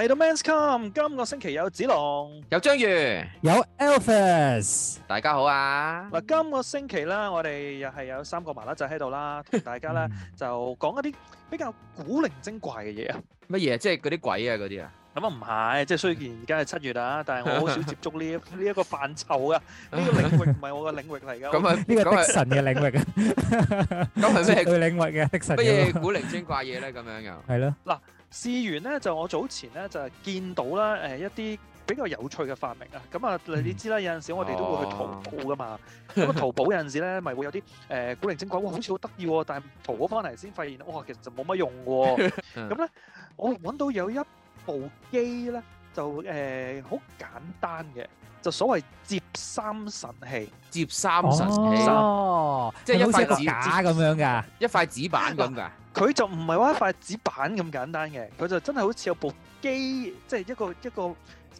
嚟到 Men's Come，今個星期有紫龍，有章魚，有 Alvis。大家好啊！嗱，今個星期啦，我哋又係有三個麻甩仔喺度啦，同大家咧就講一啲比較古靈精怪嘅嘢啊！乜嘢？即係嗰啲鬼啊，嗰啲啊？咁啊，唔係，即係雖然而家係七月啦，但係我好少接觸呢一呢一個範疇噶，呢個領域唔係我嘅領域嚟噶。咁啊，呢個的神嘅領域啊，咁係咩嘅領域嘅？的神，乜嘢古靈精怪嘢咧？咁樣又係咯？嗱。試完咧就我早前咧就係見到啦，誒一啲比較有趣嘅發明啊。咁啊，你知啦，有陣時我哋都會去淘寶噶嘛，咁啊淘寶有陣時咧咪會有啲誒古靈精怪喎，好似好得意喎，但係淘寶翻嚟先發現哇，其實就冇乜用㗎喎。咁咧我揾到有一部機咧，就誒好簡單嘅，就所謂接三神器，接三神器，哦即係一塊紙咁樣㗎，一塊紙板咁㗎。佢就唔係話一塊紙板咁簡單嘅，佢就真係好似有部機，即係一個一個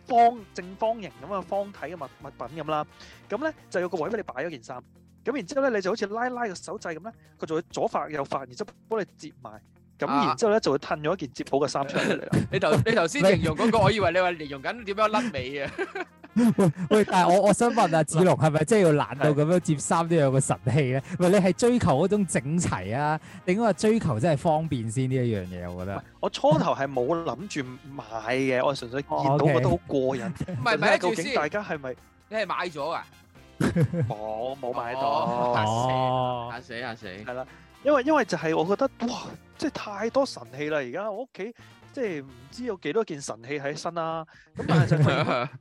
方正方形咁嘅方體嘅物物品咁啦。咁咧就有個位俾你擺咗件衫，咁然之後咧你就好似拉拉個手掣咁咧，佢就會左翻右翻，然之後幫你折埋，咁然之後咧就會褪咗一件折好嘅衫出嚟，啊。 你頭你頭先形容嗰、嗰個， 我以為你話形容緊點樣甩尾啊？ 喂喂，但係我我想問啊，子龍係咪真係要懶到咁樣折衫都有個神器咧？唔係你係追求嗰種整齊啊？定係追求真係方便先呢一樣嘢？我覺得我初頭係冇諗住買嘅，我純粹見到覺得好過癮。唔係，買住先。究竟大家係咪？你係買咗噶？我冇買到，吓死吓死吓死！係啦，因為因為就係我覺得哇，即係太多神器啦！而家我屋企。即係唔知有幾多件神器喺身啦，啊，咁但係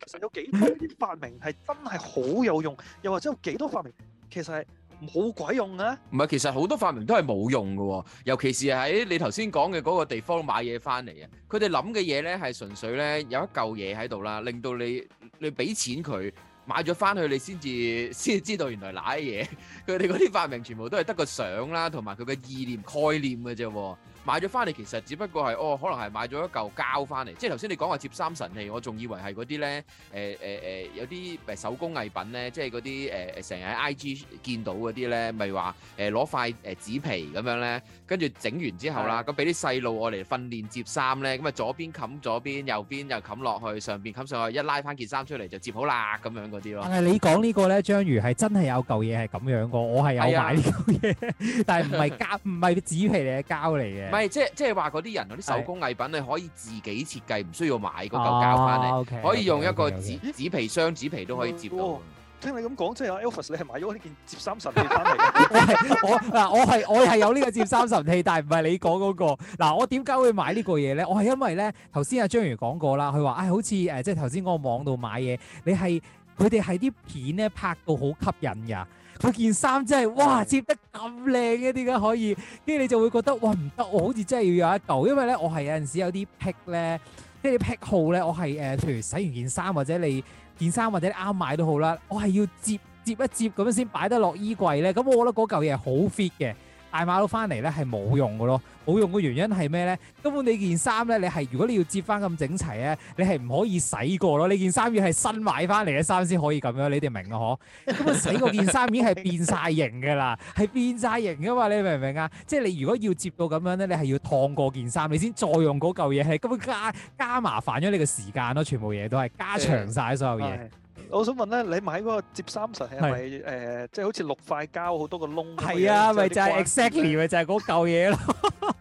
其實有幾多啲發明係真係好有用，又或者有幾多發明其實係冇鬼用嘅？唔係，其實好多發明都係冇用嘅。哦，尤其是喺你頭先講嘅嗰個地方買嘢翻嚟啊！佢哋諗嘅嘢咧係純粹咧有一嚿嘢喺度啦，令到你你俾錢佢買咗翻去，你先至先至知道原來瀨嘢。佢哋嗰啲發明全部都係得個相啦，同埋佢嘅意念概念嘅啫，哦。買咗翻嚟其實只不過係哦，可能係買咗一嚿膠翻嚟，即係頭先你講話摺衫神器，我仲以為係嗰啲咧誒誒誒有啲誒手工藝品咧，即係嗰啲誒成日喺 IG 見到嗰啲咧，咪話誒攞塊誒紙皮咁樣咧，跟住整完之後啦，咁俾啲細路我嚟訓練摺衫咧，咁啊左邊冚左邊，右邊又冚落去，上面冚上去，一拉翻件衫出嚟就摺好啦咁樣嗰啲咯。但係你講呢個咧，章魚係真係有嚿嘢係咁樣個，我係有買呢嚿嘢，但係唔係膠，唔係紙皮嚟嘅膠嚟嘅。係即係即係話嗰啲人嗰啲手工藝品，你可以自己設計，唔需要買嗰嚿膠翻嚟，可以用一個紙紙、啊 okay, okay, okay, okay. 皮箱、紙皮都可以接到。Oh, oh, 聽你咁講，即係啊 Alvis 你係買咗呢件摺衫神器翻嚟？ 我嗱，我係我係有呢個摺衫神器，但係唔係你講嗰、嗰個。嗱，我點解會買個呢個嘢咧？我係因為咧，頭先阿章魚講過啦，佢話啊，好似誒，即係頭先嗰個網度買嘢，你係佢哋係啲片咧拍到好吸引㗎。佢件衫真係哇，折得咁靚嘅，點解可以？跟住你就會覺得哇，唔得，我好似真係要有一嚿，因為咧我係有陣時有啲癖咧，跟住啲癖號咧，我係誒、呃，譬如洗完件衫或者你件衫或者你啱買都好啦，我係要折折一折咁樣先擺得落衣櫃咧，咁我覺得嗰嚿嘢好 fit 嘅。大馬佬翻嚟咧係冇用嘅咯，冇用嘅原因係咩咧？根本你件衫咧，你係如果你要折翻咁整齊咧，你係唔可以洗過咯。你件衫要係新買翻嚟嘅衫先可以咁樣，你哋明啊？嗬， 根本洗過件衫已經係變晒型嘅啦，係 變晒型啊嘛！你明唔明啊？即係你如果要接到咁樣咧，你係要燙過件衫，你先再用嗰嚿嘢，係根本加加麻煩咗你嘅時間咯，全部嘢都係加長晒所有嘢。我想問咧，你買嗰個接三實係咪誒？即係好似六塊膠好多個窿。係啊，咪就係 exactly 咪就係嗰舊嘢咯，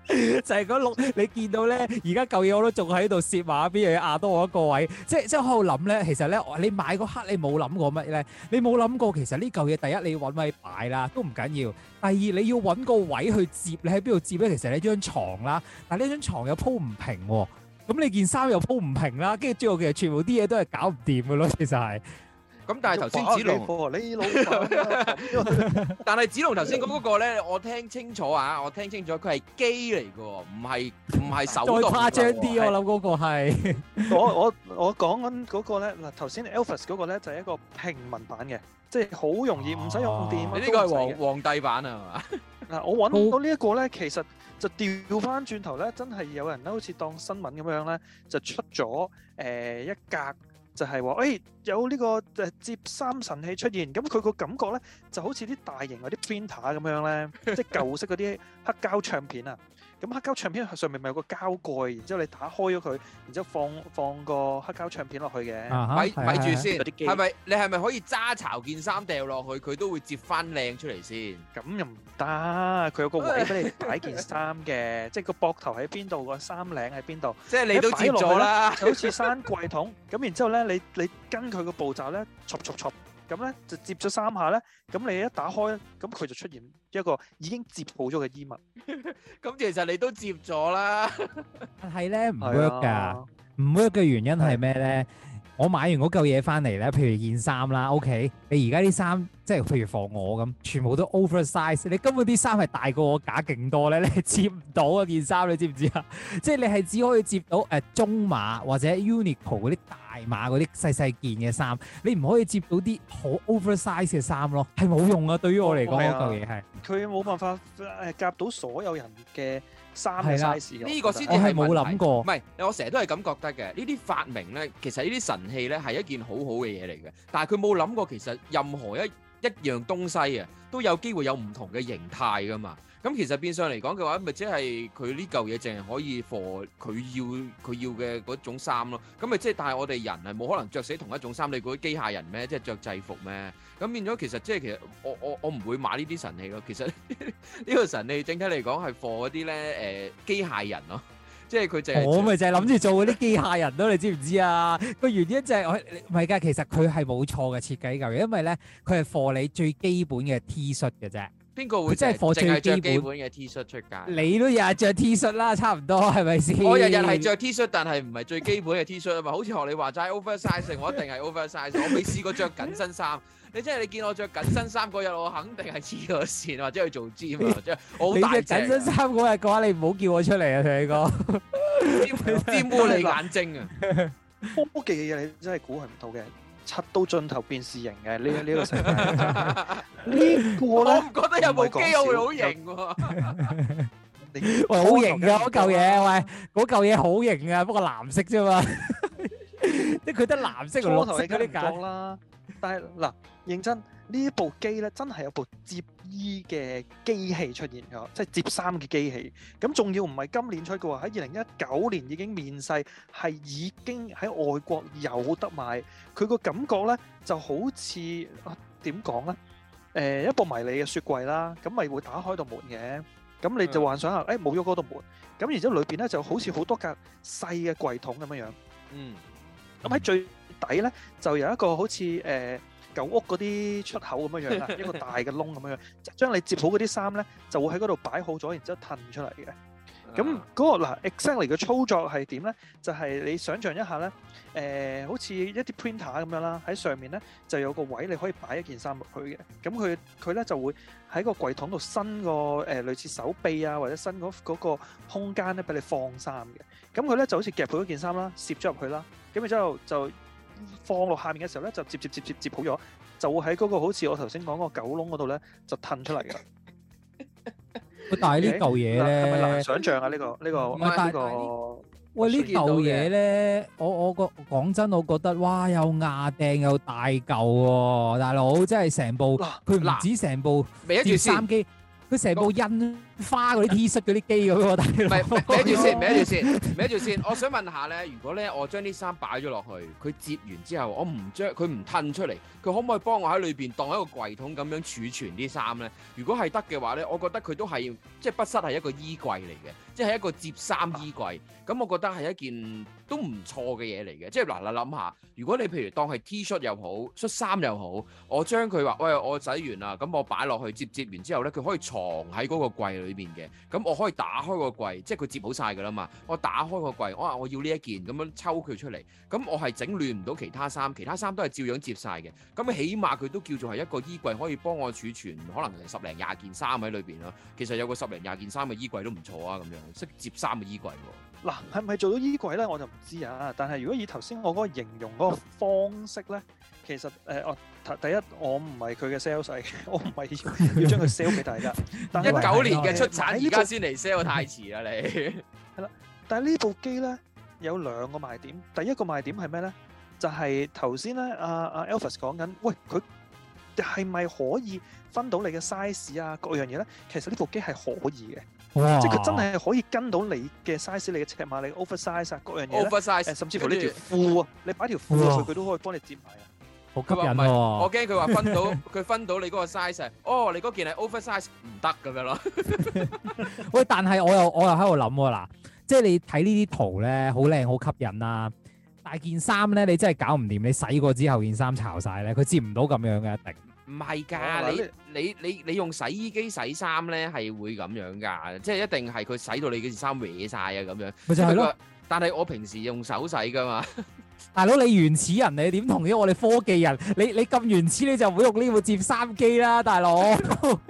就係嗰嚿。你見到咧，而家舊嘢我都仲喺度蝕埋，邊樣嘢壓多我一個位。即係即係喺度諗咧，其實咧，你買嗰刻你冇諗過乜咧？你冇諗過其實呢舊嘢，第一你要揾位擺啦，都唔緊要。第二你要揾個位去接，你喺邊度接咧？其實你張床啦，但係呢張床又鋪唔平喎、啊。咁你件衫又鋪唔平啦，跟住之後其實全部啲嘢都係搞唔掂嘅咯，其實係。咁但係頭先紫龍，你老豆？但係紫龍頭先講嗰個咧，我聽清楚啊，我聽清楚，佢係機嚟嘅，唔係唔係手。 再誇張啲是，我諗嗰個係。我我我講緊嗰個咧，嗱頭先 Alvis 嗰個咧就係、是、一個平民版嘅， 即係好容易唔使、啊、用電。你呢個係皇皇帝版啊嘛？嗱， 我揾到呢一個咧，其實。就調翻轉頭咧，真係有人咧，好似當新聞咁樣咧，就出咗誒、呃、一格 laughter，就，就係話，誒有呢個誒接衫神器出現，咁佢個感覺咧，就好似啲大型嗰啲 printer 咁樣咧，即係舊式嗰啲黑膠唱片啊！ 咁黑膠唱片上面咪有個膠蓋，然之後你打開咗佢，然之後放放個黑膠唱片落去嘅，擺擺住先。係咪你係咪可以揸巢件衫掉落去，佢都會摺翻靚出嚟先？咁又唔得，佢有個位俾你擺件衫嘅，即係個膊頭喺邊度，個衫領喺邊度。即係你都摺咗啦，好似山櫃桶咁，然之後咧，你你跟佢個步驟咧，戳戳戳。咁咧就接咗三下咧，咁你一打開，咁佢就出現一個已經接好咗嘅衣物。咁 其實你都接咗啦，但係咧唔 work 㗎，唔的 work 嘅原因係咩咧？我買完嗰嚿嘢翻嚟咧，譬如件衫啦，OK 你。你而家啲衫即係譬如放我咁，全部都 oversize。你根本啲衫係大過我假勁多咧，你接唔到啊件衫，你知唔知啊？ 即係你係只可以接到誒中碼或者 Uniqlo 嗰啲大碼嗰啲細細件嘅衫，你唔可以接到啲好 oversize 嘅衫咯，係冇用啊、哦、啊！對於我嚟講，嗰嚿嘢係佢冇辦法誒夾到所有人嘅。三個 size，呢個先至係冇諗過。唔係，我成日都係咁覺得嘅。呢啲發明咧，其實呢啲神器咧，係一件好好嘅嘢嚟嘅。但係佢冇諗過，其實任何一一樣東西啊，都有機會有唔同嘅形態噶嘛。咁其實變相嚟講嘅話，咪即係佢呢嚿嘢淨係可以貨佢要佢要嘅嗰種衫咯。咁咪即係但係我哋人係冇可能著死同一種衫，你估機械人咩？即係著制服咩？咁變咗其實即係其實我我我唔會買呢啲神器咯。其實呢個神器整體嚟講係貨嗰啲咧，誒機械人咯，即係佢淨係我咪淨係諗住做嗰啲機械人咯，你知唔知啊？個原因就係我唔係㗎，其實佢係冇錯嘅設計嚿嘢，因為咧佢係貨你最基本嘅 T 恤嘅啫。邊個會真係淨係著基本嘅 T 恤出街？你都日日着 T 恤啦，差唔多係咪先？我日日係着 T 恤，但係唔係最基本嘅 T 恤啊嘛。好似學你話齋 oversize，我一定係 oversize。我未試過着緊身衫。你真係你見我着緊身衫嗰日，我肯定係黐咗線或者去做 gym 或者。我好大。你著緊身衫嗰日嘅話，你唔好叫我出嚟啊！大哥，黐黐毛你眼睛啊！科技嘅嘢你真係估係唔到嘅。七刀盡頭便是型嘅呢呢個成分， 個呢個我唔覺得有部機又會好型喎。 喂，好型㗎嗰嚿嘢，喂，嗰嚿嘢好型㗎，不過藍色啫嘛，即係佢得藍色同綠色嗰啲色啦。初初但係嗱，認真。呢一部機咧，真係有部摺衣嘅機器出現㗎，即係摺衫嘅機器。咁仲要唔係今年出嘅喎，喺二零一九年已經面世，係已經喺外國有得賣。佢個感覺咧就好似點講咧？誒，一部迷你嘅雪櫃啦，咁咪會打開道門嘅。咁你就幻想下，誒、冇咗嗰道門。咁然之後裏邊咧就好似好多格細嘅櫃桶咁樣樣。嗯。咁喺最底咧就有一個好似誒。舊屋嗰啲出口咁樣樣啦， 一個大嘅窿咁樣樣，就將你摺好嗰啲衫咧，就會喺嗰度擺好咗，然之後褪出嚟嘅。咁、啊、嗰、嗰個嗱，exactly 嘅操作係點咧？就係、是、你想像一下咧，誒、呃，好似一啲 printer 咁樣啦，喺上面咧就有個位你可以擺一件衫入去嘅。咁佢佢咧就會喺個櫃桶度伸個誒、呃、類似手臂啊，或者伸嗰嗰個空間咧俾你放衫嘅。咁佢咧就好似夾佢嗰件衫啦，攝咗入去啦，咁然之後就，放落下面嘅時候咧，就接接接接接好咗，就會喺嗰個好似我頭先講嗰個狗籠嗰度咧，就褪出嚟㗎。佢大呢舊嘢咧，係咪難想象啊？呢個呢個呢個，喂呢舊嘢咧，我我個講真，我覺得哇，又壓定又大舊喎，大佬，真係成部佢唔止成部照相機，佢成部印。花嗰啲 T 恤嗰啲機咁喎，唔係，孭住先，孭住先，孭住先。我想問下咧，如果咧我將啲衫擺咗落去，佢摺完之後，我唔著，佢唔褪出嚟，佢可唔可以幫我喺裏邊當一個櫃桶咁樣儲存啲衫咧？如果係得嘅話咧，我覺得佢都係即係不失係一個衣櫃嚟嘅，即係一個摺衫衣，衣櫃。咁、啊、我覺得係一件都唔錯嘅嘢嚟嘅。即係嗱嗱諗下，如果你譬如當係 T 恤又好，恤衫又好，我將佢話喂我洗完啦，咁、嗯、我擺落去摺摺完之後咧，佢可以藏喺嗰個櫃裏。裏面嘅，咁我可以打開個櫃，即係佢接好晒噶啦嘛。我打開個櫃，我話我要呢一件，咁樣抽佢出嚟。咁我係整亂唔到其他衫，其他衫都係照樣接晒嘅。咁起碼佢都叫做係一個衣櫃可以幫我儲存，可能十零廿件衫喺裏邊啦。其實有個十零廿件衫嘅衣櫃都唔錯啊。咁樣識接衫嘅衣櫃，嗱，係咪做到衣櫃咧？我就唔知啊。但係如果以頭先我嗰個形容嗰個方式咧，其實誒。呃第一，我唔係佢嘅 sales，我唔係要將佢 sell 俾大家。一九年嘅出產，而家先嚟 sell，太遲啦你。係啦，但係呢部機咧有兩個賣點。第一個賣點係咩咧？就係頭先咧，阿阿 Alvis 講緊，喂佢係咪可以分到你嘅 size 啊？各樣嘢咧，其實呢部機係可以嘅，即係佢真係可以跟到你嘅 size、你嘅尺碼、你嘅 oversize 各樣嘢咧，甚至乎呢條褲啊，你擺條褲佢都可以幫你接埋。好吸引、啊、 我驚佢話分到佢 分到你嗰個 size，哦，你嗰件係 oversize 唔得咁樣咯。 喂，但係我又我又喺度諗喎，嗱，即係你睇呢啲圖咧，好靚好吸引啊！但係件衫咧，你真係搞唔掂，你洗過之後件衫巢晒咧，佢接唔到咁樣嘅一定。唔係㗎，你你你你用洗衣機洗衫咧係會咁樣㗎，即係一定係佢洗到你件衫歪晒啊咁樣。咪就係咯，但係我平時用手洗㗎嘛。 大佬，你原始人你點同意我哋科技人？你你咁原始你就唔會用呢部摺衫機啦，大佬，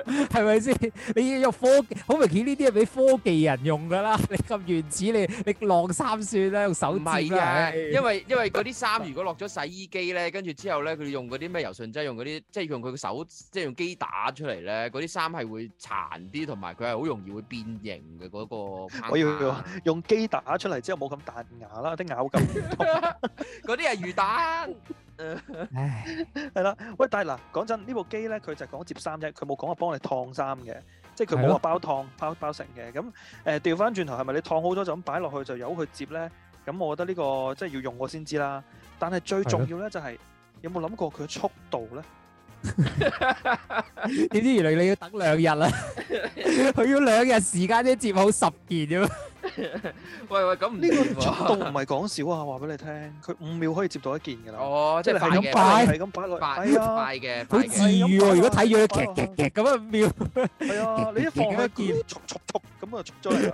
係咪先？你用科技，好明顯呢啲係俾科技人用㗎啦。你咁原始你你晾衫算啦，用手指嘅、啊哎。因為因為嗰啲衫如果落咗洗衣機咧，跟住之後咧，佢用嗰啲咩柔順劑，用嗰啲即係用佢嘅手，即係用機打出嚟咧，嗰啲衫係會殘啲，同埋佢係好容易會變形嘅嗰、那個。我要，要用機打出嚟之後冇咁彈牙啦，啲、那個、咬感。 嗰啲係魚蛋，係 啦。喂，但係嗱，講真，呢部機咧，佢就講接衫啫，佢冇講話幫你燙衫嘅，即係佢冇話包燙、包包成嘅。咁、嗯、誒，調翻轉頭係咪你燙好咗就咁擺落去就由佢接咧？咁、嗯、我覺得呢、呢個即係要用過先知啦。但係最重要咧就係、是、的有冇諗過佢嘅速度咧？點知原來你要等兩日啦！佢 要兩日時間先接好十件啫 喂喂，咁呢個速度唔係講少啊，話俾你聽，佢五秒可以接到一件㗎啦。哦，即係係咁擺，係咁擺係啊，快嘅，好治愈喎。如果睇住佢，咁樣五秒，係啊，你一放一件，速速速，咁啊出咗嚟啦。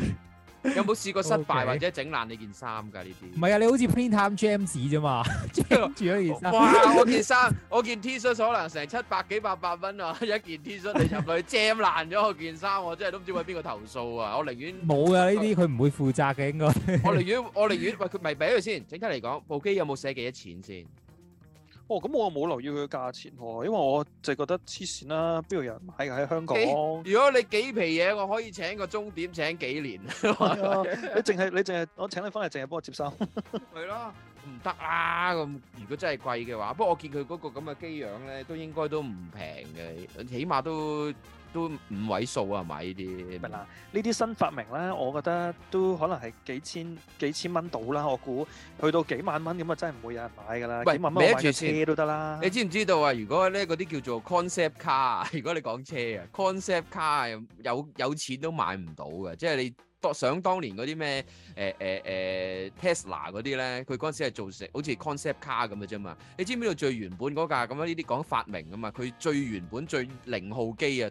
有冇試過失敗或者整爛你件衫㗎？呢啲唔係啊，你好似 print time jam 紙啫嘛， 著咗件衫。哇！我件衫， 我件 T 恤可能成七百幾八百蚊啊，一件 T 恤你入去 jam 爛咗我件衫，我真係都唔知為邊個投訴啊！我寧願冇啊，呢啲佢唔會負責嘅應該。我寧願，我寧願，喂佢咪俾佢先。整體嚟講，部機有冇寫幾多錢先？哦，咁我冇留意佢價錢喎，因為我就覺得黐線啦，邊度有人買嘅喺香港？如果你幾皮嘢，我可以請個鐘點請幾年，你淨係你淨係我請你翻嚟，淨係幫我接收，係咯？唔得啦！咁如果真係貴嘅話，不過我見佢嗰個咁嘅機樣咧，都應該都唔平嘅，起碼都。都五位數啊，買呢啲。咪嗱，呢啲新發明咧，我覺得都可能係幾千幾千蚊到啦。我估去到幾萬蚊咁啊，真係唔會有人買㗎啦。幾萬蚊買車都得啦。你知唔知道啊？如果咧嗰啲叫做 concept car，如果你講車啊，concept car 有有錢都買唔到㗎。即係你當想當年嗰啲咩誒誒誒 Tesla 嗰啲咧，佢嗰陣時係做成好似 concept car 咁嘅啫嘛。你知唔知道最原本嗰架咁樣？呢啲講發明㗎嘛，佢最原本最零號機啊！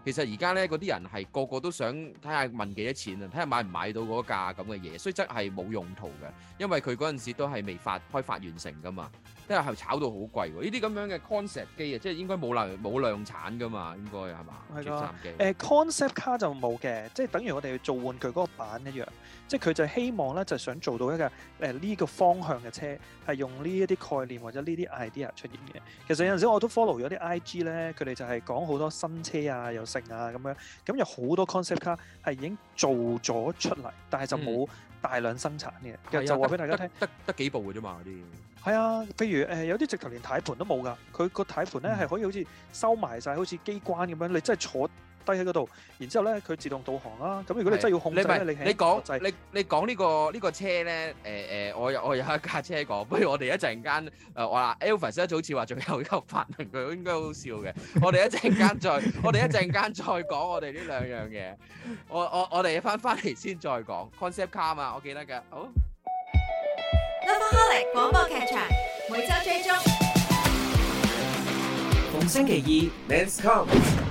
其實而家咧嗰啲人係個個都想睇下問幾多錢啊，睇下買唔買到嗰架咁嘅嘢，所以真係冇用途嘅，因為佢嗰陣時都係未發開發完成噶嘛，即係係炒到好貴喎。呢啲咁樣嘅 concept 機啊，即係應該冇量冇量產噶嘛，應該係嘛？concept 機，誒 concept 卡就冇嘅，即係等於我哋要做換佢嗰個板一樣，即係佢就希望咧就想做到一個誒呢、呃這個方向嘅車，係用呢一啲概念或者呢啲 idea 出現嘅。其實有陣時我都 follow 咗啲 IG 咧，佢哋就係講好多新車啊，啊咁樣咁有好多 concept car 係已經做咗出嚟，但係就冇大量生產嘅。其實、嗯、就話俾大家聽，得得有有幾部嘅啫嘛啲。係啊，譬如誒、呃、有啲直頭連底盤都冇㗎，佢個底盤咧係可以好似收埋晒，嗯、好似機關咁樣。你真係坐低喺嗰度，然之後咧佢自動導航啊！咁如果你真係要控制，你講你講呢個呢個車咧？誒誒，我有我有一架車講，不如我哋一陣間誒話，Alvis 一早好似話仲有個發明，佢應該好好笑嘅。我哋一陣間再，我哋一陣間再講我哋呢兩樣嘢。我我我哋翻翻嚟先再講 concept car 啊！我記得嘅，好，Lovaholic 廣播劇場，每周追蹤，逢星期二 Men's Come。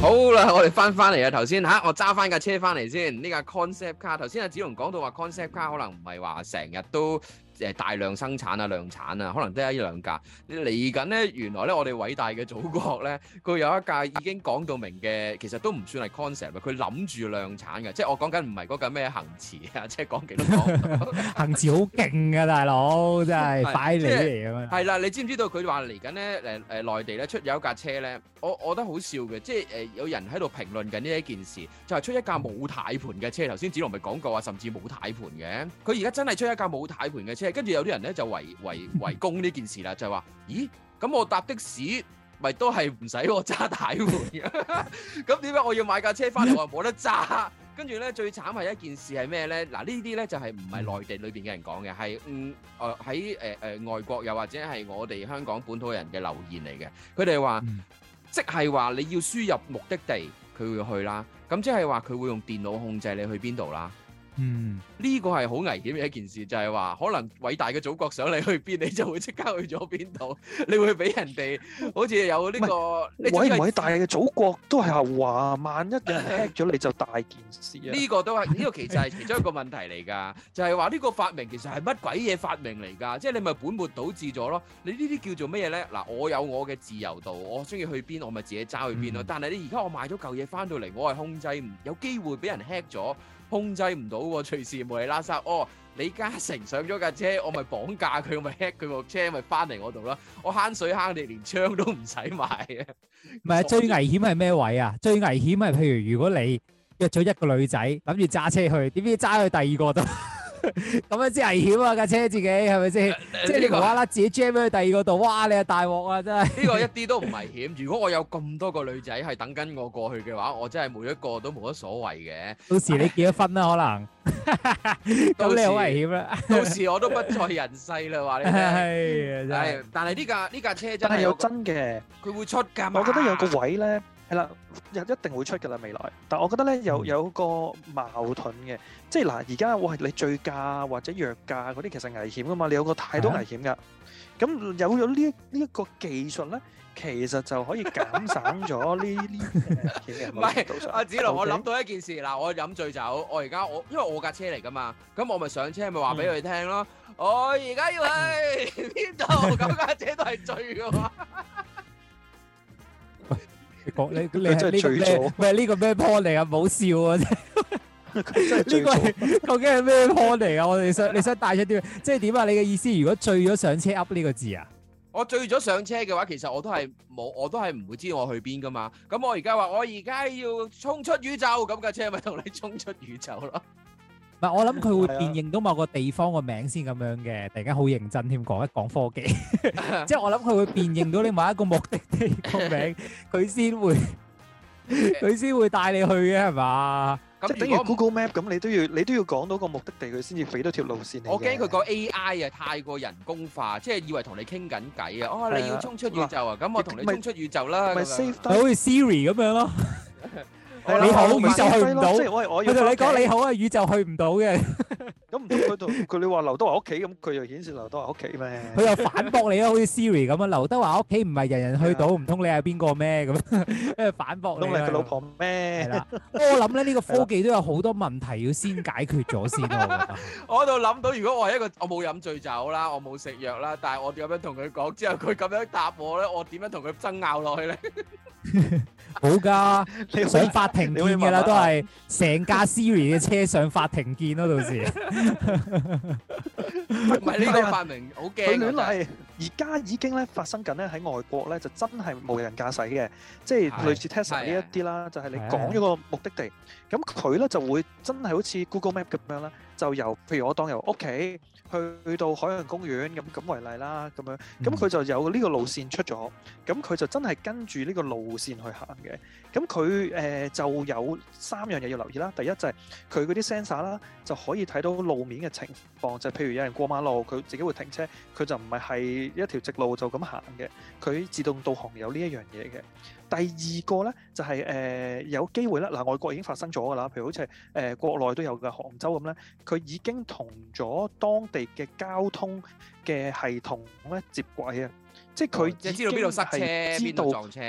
好啦，我哋翻翻嚟啊！頭先吓，我揸翻架車翻嚟先，呢架 concept 卡，頭先阿子龍講到話 concept 卡，可能唔係話成日都。誒大量生產啊，量產啊，可能都係一兩架。嚟緊咧，原來咧，我哋偉大嘅祖國咧，佢有一架已經講到明嘅，其實都唔算係 concept，佢諗住量產嘅，即係我講緊唔係嗰架咩恆馳啊，即係講幾多 恆馳好勁啊，大佬真係擺嚟㗎嘛。係啦，你知唔知道佢話嚟緊咧？誒誒，內地咧出有一架車咧，我我覺得好笑嘅，即係誒有人喺度評論緊呢一件事，就係、是、出一架冇軚盤嘅車。頭先紫龍咪講過話，甚至冇軚盤嘅，佢而家真係出一架冇軚盤嘅車。跟住有啲人咧就圍圍圍攻呢件事啦，就係話：咦，咁我搭的士咪都係唔使我揸大壺？咁點解我要買架車翻嚟我冇得揸？跟住咧最慘係一件事係咩咧？嗱，呢啲咧就係唔係內地裏邊嘅人講嘅，係嗯誒喺誒誒外國又或者係我哋香港本土人嘅留言嚟嘅。佢哋話，嗯、即係話你要輸入目的地，佢會去啦。咁即係話佢會用電腦控制你去邊度啦。嗯，呢個係好危險嘅一件事，就係、是、話可能偉大嘅祖國想你去邊，你就會即刻去咗邊度，你會俾人哋好似有呢、這個唔偉喂偉大嘅祖國都係話，萬一有人 hack 咗，你就大件事啊！呢個都係呢、這個，其實係其中一個問題嚟噶， 就係話呢個發明其實係乜鬼嘢發明嚟噶？即係你咪本末倒置咗咯？你呢啲叫做乜嘢咧？嗱，我有我嘅自由度，我中意去邊，我咪自己揸去邊咯。嗯、但係你而家我買咗嚿嘢翻到嚟，我係控制唔有機會俾人 hack 咗。控制唔到喎，隨時無理啦沙哦！Oh, 李嘉誠上咗架車，我咪綁架佢，我咪 hack 佢部車，咪翻嚟我度啦！我慳水慳你連槍都唔使買嘅，唔 係最危險係咩位啊？最危險係譬如如果你約咗一個女仔，諗住揸車去，點知揸去第二個就。 咁樣真危險啊！架車自己係咪先？即係你無啦啦自己 jam 去第二個度，哇！你啊大鑊啊，真係呢個一啲都唔危險。如果我有咁多個女仔係等緊我過去嘅話，我真係每一個都冇乜所謂嘅。到時你結咗婚啦？可能咁你好危險啦。到時我都不在人世啦，話你。係啊，真係。但係呢架呢架車真係有真嘅，佢會出噶。我覺得有個位咧。係啦，又、 嗯、一定會出嘅啦，未來。但我覺得咧，有有個矛盾嘅。即係嗱，而家我係你醉駕或者藥駕嗰啲，其實危險噶嘛，你有個太多危險噶。咁的有咗呢呢一個技術咧，其實就可以減省咗呢啲危險嘅。唔係 阿子龍，OK? 我諗到一件事，嗱，我飲醉酒，我而家我因為我架車嚟噶嘛，咁我咪上車咪話俾佢聽咯，嗯、我而家要去邊度？咁架 車都係醉㗎嘛。你講你你呢個咩？咩呢個咩 point 嚟啊？唔好笑啊！呢個究竟係咩 point 嚟啊？我哋想你想帶出啲，即係點啊？你嘅意思如果醉咗上車 up 呢個字啊？我醉咗上車嘅話，其實我都係冇，我都係唔會知我去邊噶嘛。咁我而家話我而家要衝出宇宙咁架車，咪同你衝出宇宙咯。唔係，我諗佢會辨認到某個地方個名先咁樣嘅。突然間好認真添，講一講科技，即 係我諗佢會辨認到你某一個目的地個名，佢先會佢先 會帶你去嘅係嘛？即等於 Google Map 咁，你都要你都要講到個目的地，佢先至俾到條路線。我驚佢個 AI 啊，太過人工化，即係以為同你傾緊偈啊！的哦，你要衝出宇宙啊？咁我同你衝出宇宙啦！咪好似 Siri 咁樣咯～ 你好，宇宙去唔到。佢同 你講， 你好啊，宇宙去唔到嘅。 咁唔通佢同佢你話劉德華屋企咁，佢又顯示劉德華屋企咩？佢又反駁你咯，好似 Siri 咁啊！劉德華屋企唔係人人去到，唔通的你係邊個咩？咁， 因為反駁你。唔通係佢老婆咩？係的 我諗咧呢個科技都有好多問題要先解決咗先啊！ 我喺度諗到，如果我係一個我冇飲醉酒啦，我冇食藥啦，但係我咁樣同佢講之後，佢咁樣答我咧，我點樣同佢爭拗落去咧？好噶，上法庭見噶啦，問問都係成架 Siri 嘅車上法庭見咯，到時。 唔係呢個發明，好驚啊！而家已經咧發生緊咧喺外國咧就真係無人駕駛嘅，即係類似 Tesla 呢一啲啦，的就係你講咗個目的地，咁佢咧就會真係好似 Google Map 咁樣啦，就由譬如我當由屋企去到海洋公園咁咁為例啦，咁樣，咁佢就有呢個路線出咗，咁佢、嗯、就真係跟住呢個路線去行嘅，咁佢誒就有三樣嘢要留意啦，第一就係佢嗰啲 sensor 啦，就可以睇到路面嘅情況，就係、譬如有人過馬路，佢自己會停車，佢就唔係係。一條直路就咁行嘅，佢自動導航有呢一樣嘢嘅。第二個咧就係、是、誒、呃、有機會啦，嗱、呃、外國已經發生咗㗎啦，譬如好似係誒國內都有嘅杭州咁咧，佢已經同咗當地嘅交通嘅系統咧接軌啊，即係佢已經係知道邊度、哦、塞車，邊度撞車。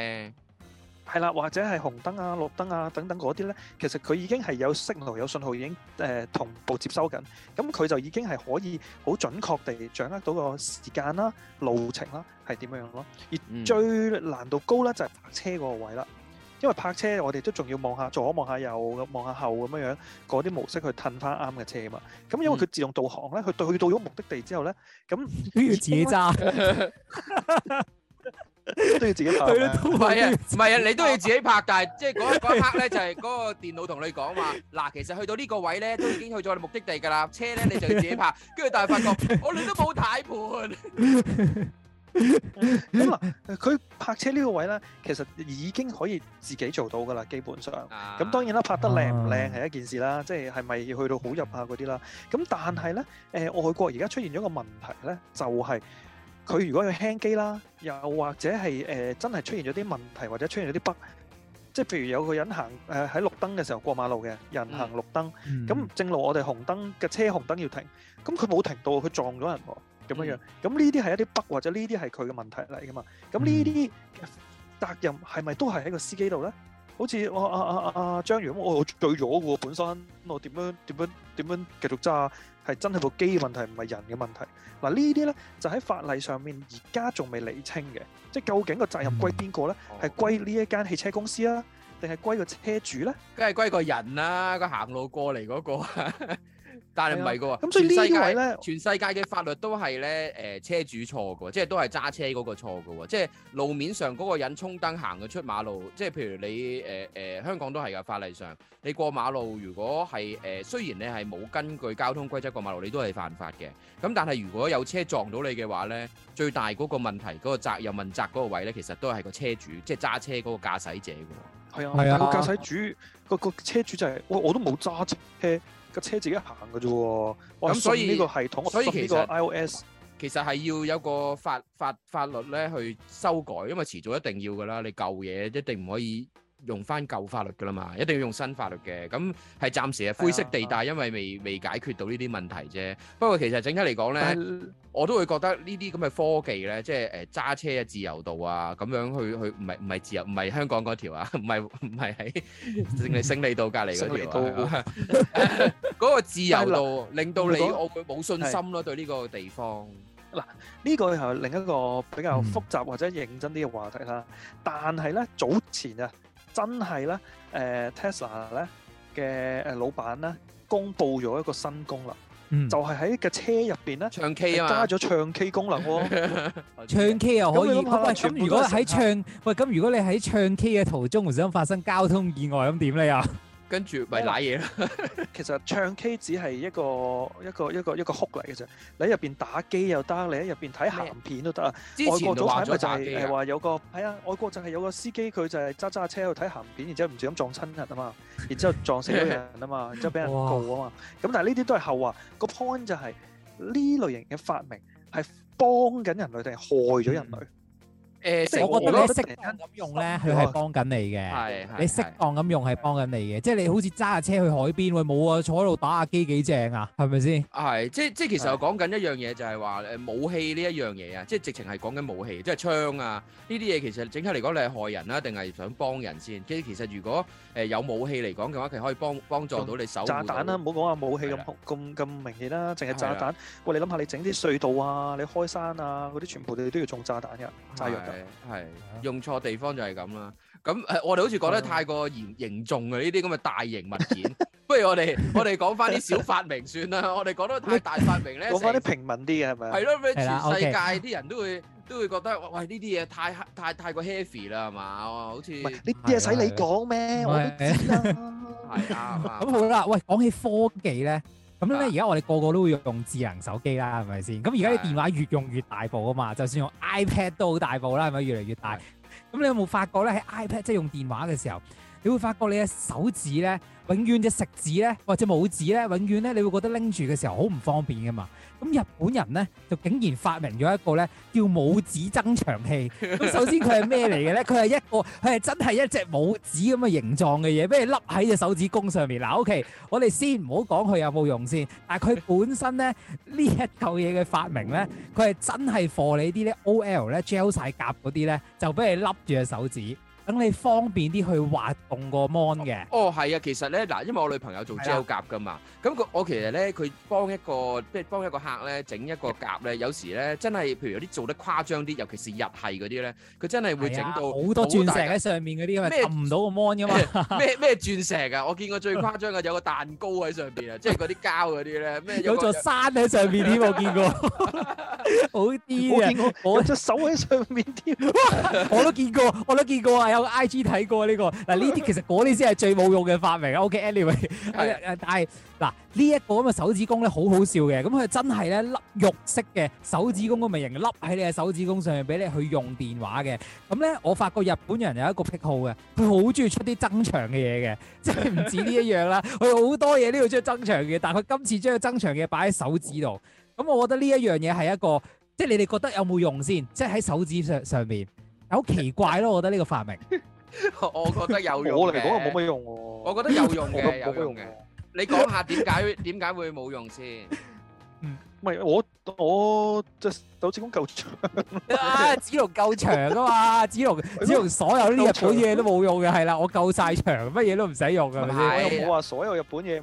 係啦，或者係紅燈啊、綠燈啊等等嗰啲咧，其實佢已經係有訊號，有信號已經誒同步接收緊。咁佢就已經係可以好準確地掌握到個時間啦、路程啦，係點樣樣咯。而最難度高咧就係泊車嗰個位啦，因為泊車我哋都仲要望下左、望下右、望下後咁樣樣嗰啲模式去褪翻啱嘅車嘛。咁因為佢自動導航咧，佢去到咗目的地之後咧，咁都要自己揸。都要自己泊啦，唔係 啊，啊，你都要自己泊，但係即係嗰一刻咧，就係、是、嗰個電腦同你講話，嗱，其實去到呢個位咧，都已經去咗目的地噶啦，車咧你就要自己泊，跟住但係發覺我你都冇軚盤，咁嗱， 佢泊車呢個位咧，其實已經可以自己做到噶啦，基本上，咁當然啦，泊得靚唔靚係一件事啦，即係係咪去到好入啊嗰啲啦，咁但係咧，誒、呃、外國而家出現咗個問題咧，就係、是。佢如果要輕機啦，又或者係誒真係出現咗啲問題，或者出現咗啲 bug，即係譬如有個人行誒喺綠燈嘅時候過馬路嘅人行綠燈，咁正路我哋紅燈嘅車紅燈要停，咁佢冇停到，佢撞咗人喎，咁樣樣，咁呢啲係一啲 bug，或者呢啲係佢嘅問題嚟噶嘛？咁呢啲責任係咪都係喺個司機度咧？好似我阿阿阿張如，我醉咗嘅喎，本身我點樣點樣點樣繼續揸？係真係部機嘅問題，唔係人嘅問題。嗱呢啲咧就喺法例上面而家仲未理清嘅，即係究竟個責任歸邊個咧？係歸呢一間汽車公司啊，定係歸個車主咧？梗係歸個人啦，個行路過嚟嗰個啊！但係唔係噶喎，啊、全世界咧，全世界嘅法律都係咧，誒、呃、車主錯嘅，即係都係揸車嗰個錯嘅喎，即係路面上嗰個人衝燈行咗出馬路，即係譬如你誒誒、呃呃、香港都係嘅法例上，你過馬路如果係誒、呃、雖然你係冇根據交通規則過馬路，你都係犯法嘅。咁但係如果有車撞到你嘅話咧，最大嗰個問題、嗰、嗰個責任問責嗰個位咧，其實都係個車主，即係揸車嗰個駕駛者嘅。係啊，係啊，個駕駛主個、嗰個車主就係、係，我我都冇揸車。個車自己行嘅啫喎，咁所以呢個系統，所以其實 iOS 其實係要有個法法法律咧去修改，因為遲早一定要嘅啦，你舊嘢一定唔可以。用翻舊法律㗎啦嘛，一定要用新法律嘅，咁係暫時嘅灰色地帶，因為未未解決到呢啲問題啫。不過其實整體嚟講咧，我都會覺得呢啲咁嘅科技咧，即係誒揸車啊自由度啊，咁樣去去唔係唔係自由，唔係香港嗰條啊，唔係唔係喺勝利勝利道隔離嗰條，嗰個自由度令到你會唔會冇信心咯？對呢個地方，嗱呢個係另一個比較複雜或者認真啲嘅話題啦。但係咧早前啊～真係咧，誒、呃、Tesla 咧嘅誒老闆咧，公布咗一個新功能，嗯、就係喺個車入邊咧，唱加咗唱 K 功能喎、哦， 唱 K 又可以咁如果喺唱 喂，咁如果你喺唱 K 嘅途中唔小心發生交通意外咁點你啊？ 跟住咪攋嘢，其實唱 K 只係一個 一個一個一個酷嚟嘅啫。你喺入邊打機又得，你喺入邊睇鹹片都得麼啊。外國早排咪就係係話有個係啊，外國就係有個司機佢就係揸揸架車去睇鹹片，然之後唔小心撞親人啊嘛，然之後撞死咗人啊嘛， 然之後俾人告啊嘛。咁 哇但係呢啲都係後話，個 point 就係、是、呢類型嘅發明係幫緊人類定係害咗人類？Mm hmm. 誒，呃、即是我覺得咧適當咁用咧，佢係幫緊你嘅。係你適當咁用係、啊、幫緊你嘅，即係你好似揸下車去海邊，喂冇啊，坐喺度打下機幾正啊，係咪先？係，即即其實我講緊一樣嘢就係話誒武器呢一樣嘢啊，即係直情係講緊武器，即係槍啊呢啲嘢其實整體嚟講，你係害人啊，定係想幫人先？即係其實如果誒有武器嚟講嘅話，其實可以幫幫助到你手。炸彈啦、啊，唔好講話武器咁咁咁明顯啦、啊，淨係炸彈。的喂，你諗下你整啲隧道啊，你開山啊，嗰啲全部都要中炸彈嘅炸藥。係用錯地方就係咁啦，咁誒我哋好似講得太過嚴凝重嘅呢啲咁嘅大型物件，不如我哋我哋講翻啲小發明算啦，我哋講得太大發明咧，講翻啲平民啲嘅係咪啊？係咯，全世界啲人都會都會覺得，喂呢啲嘢，太太太過 heavy 啦，係嘛？好似唔係呢啲嘢使你講咩？我都知啦。係啊，咁好啦，喂，講起科技咧。咁咧，而家我哋個個都會用智能手機啦，係咪先？咁而家啲電話越用越大部啊嘛，就算用 iPad 都好大部啦，係咪越嚟越大？咁是你有冇發覺咧？喺 iPad 即係用電話嘅時候，你會發覺你嘅手指咧，永遠隻食指咧，或者拇指咧，永遠咧，你會覺得拎住嘅時候好唔方便㗎嘛？咁日本人咧就竟然發明咗一個咧叫拇指增長器。咁首先佢係咩嚟嘅咧？佢係一個，佢係真係一隻拇指咁嘅形狀嘅嘢，俾你笠喺隻手指公上面。嗱，OK，我哋先唔好講佢有冇用先，但係佢本身咧呢一嚿嘢嘅發明咧，佢係真係 for 你啲咧 OL 咧 gel 晒夾嗰啲咧，就俾你笠住隻手指。等你方便啲去滑動個 mon 嘅。哦，係啊，其實咧嗱，因為我女朋友做 gel 甲噶嘛，咁佢我其實咧佢幫一個即係幫一個客咧整一個甲咧，有時咧真係譬如有啲做得誇張啲，尤其是日系嗰啲咧，佢真係會整到好多鑽石喺上面嗰啲，咩撳唔到個 mon 噶嘛？咩咩鑽石啊？我見過最誇張嘅有個蛋糕喺上邊啊，即係嗰啲膠嗰啲咧，咩有座山喺上邊添，我見過，好癲啊！我隻手喺上邊添，我都見過，我都見過啊！I G 睇過呢個嗱，呢啲其實嗰啲先係最冇用嘅發明啊。O K anyway，但係嗱，呢一個咁嘅手指公咧，好好笑嘅，咁佢真係咧，粒肉色嘅手指公個微型粒喺你嘅手指公上面俾你去用電話嘅。咁咧，我發覺日本人有一個癖好嘅，佢好中意出啲增長嘅嘢嘅，即係唔止呢一樣啦，佢好多嘢都要將增長嘅。但係佢今次將個增長嘅擺喺手指度，咁我覺得呢一樣嘢係一個，即係你哋覺得有冇用先，即係喺手指上上面。好奇怪咯，我覺得呢個發明，我覺得有用。我嚟講又冇乜用喎。我覺得有用嘅，冇用嘅。你講下點解？點解會冇用先？嗯，唔係我我即係手指公夠長啊！紫龍夠長啊嘛！紫龍紫龍所有啲日本嘢都冇用嘅，係啦，我夠晒長，乜嘢都唔使用嘅，我又冇話所有日本嘢。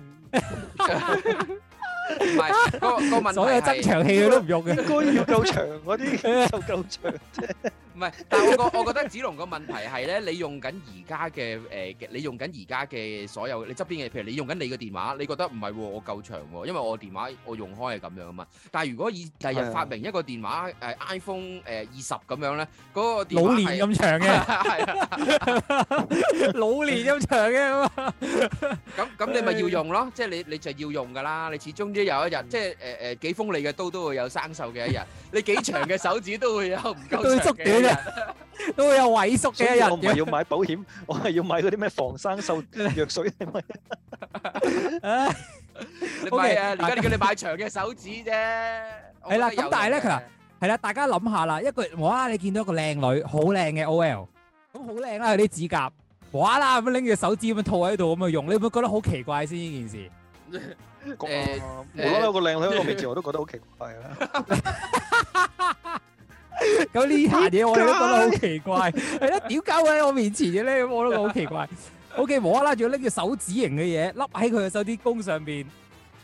唔係，個個問所有增長器佢都唔用嘅，應該要夠長嗰啲就夠長啫。唔係，但係我我覺得子龍個問題係咧，你用緊而家嘅誒，你用緊而家嘅所有你側邊嘅，譬如你用緊你個電話，你覺得唔係喎，我夠長喎，因為我電話我用開係咁樣啊嘛。但係如果以第日發明一個電話誒 iPhone 誒二十咁樣咧，嗰個電話係老年咁長嘅，老年咁長嘅，咁咁你咪要用咯，即係你你就要用噶啦，你始終都有一日，即係誒誒幾鋒利嘅刀都會有生鏽嘅一日，你幾長嘅手指都會有唔夠。 都會有萎縮嘅人嘅。我唔係要買保險， 我係要買嗰啲咩防生素藥水，係咪？啊，O K 啊，而家 叫你買長嘅手指啫。係啦， 咁但係咧，係啦，大家諗下啦，一個，哇，你見到一個靚女，好靚嘅 O L，咁好靚啦，啲指甲，哇啦，咁拎住手指咁套喺度咁啊用，你會唔會覺得好奇怪先呢件事？誒、 啊，無啦啦有個靚女喺度，未自然我都覺得好奇怪啦、啊。 咁呢單嘢我哋都覺得好奇怪，係 咯？點解會喺我面前嘅咧？我都覺得好奇怪。O.K. 無啦啦仲要拎住手指型嘅嘢，笠喺佢嘅手指公上邊。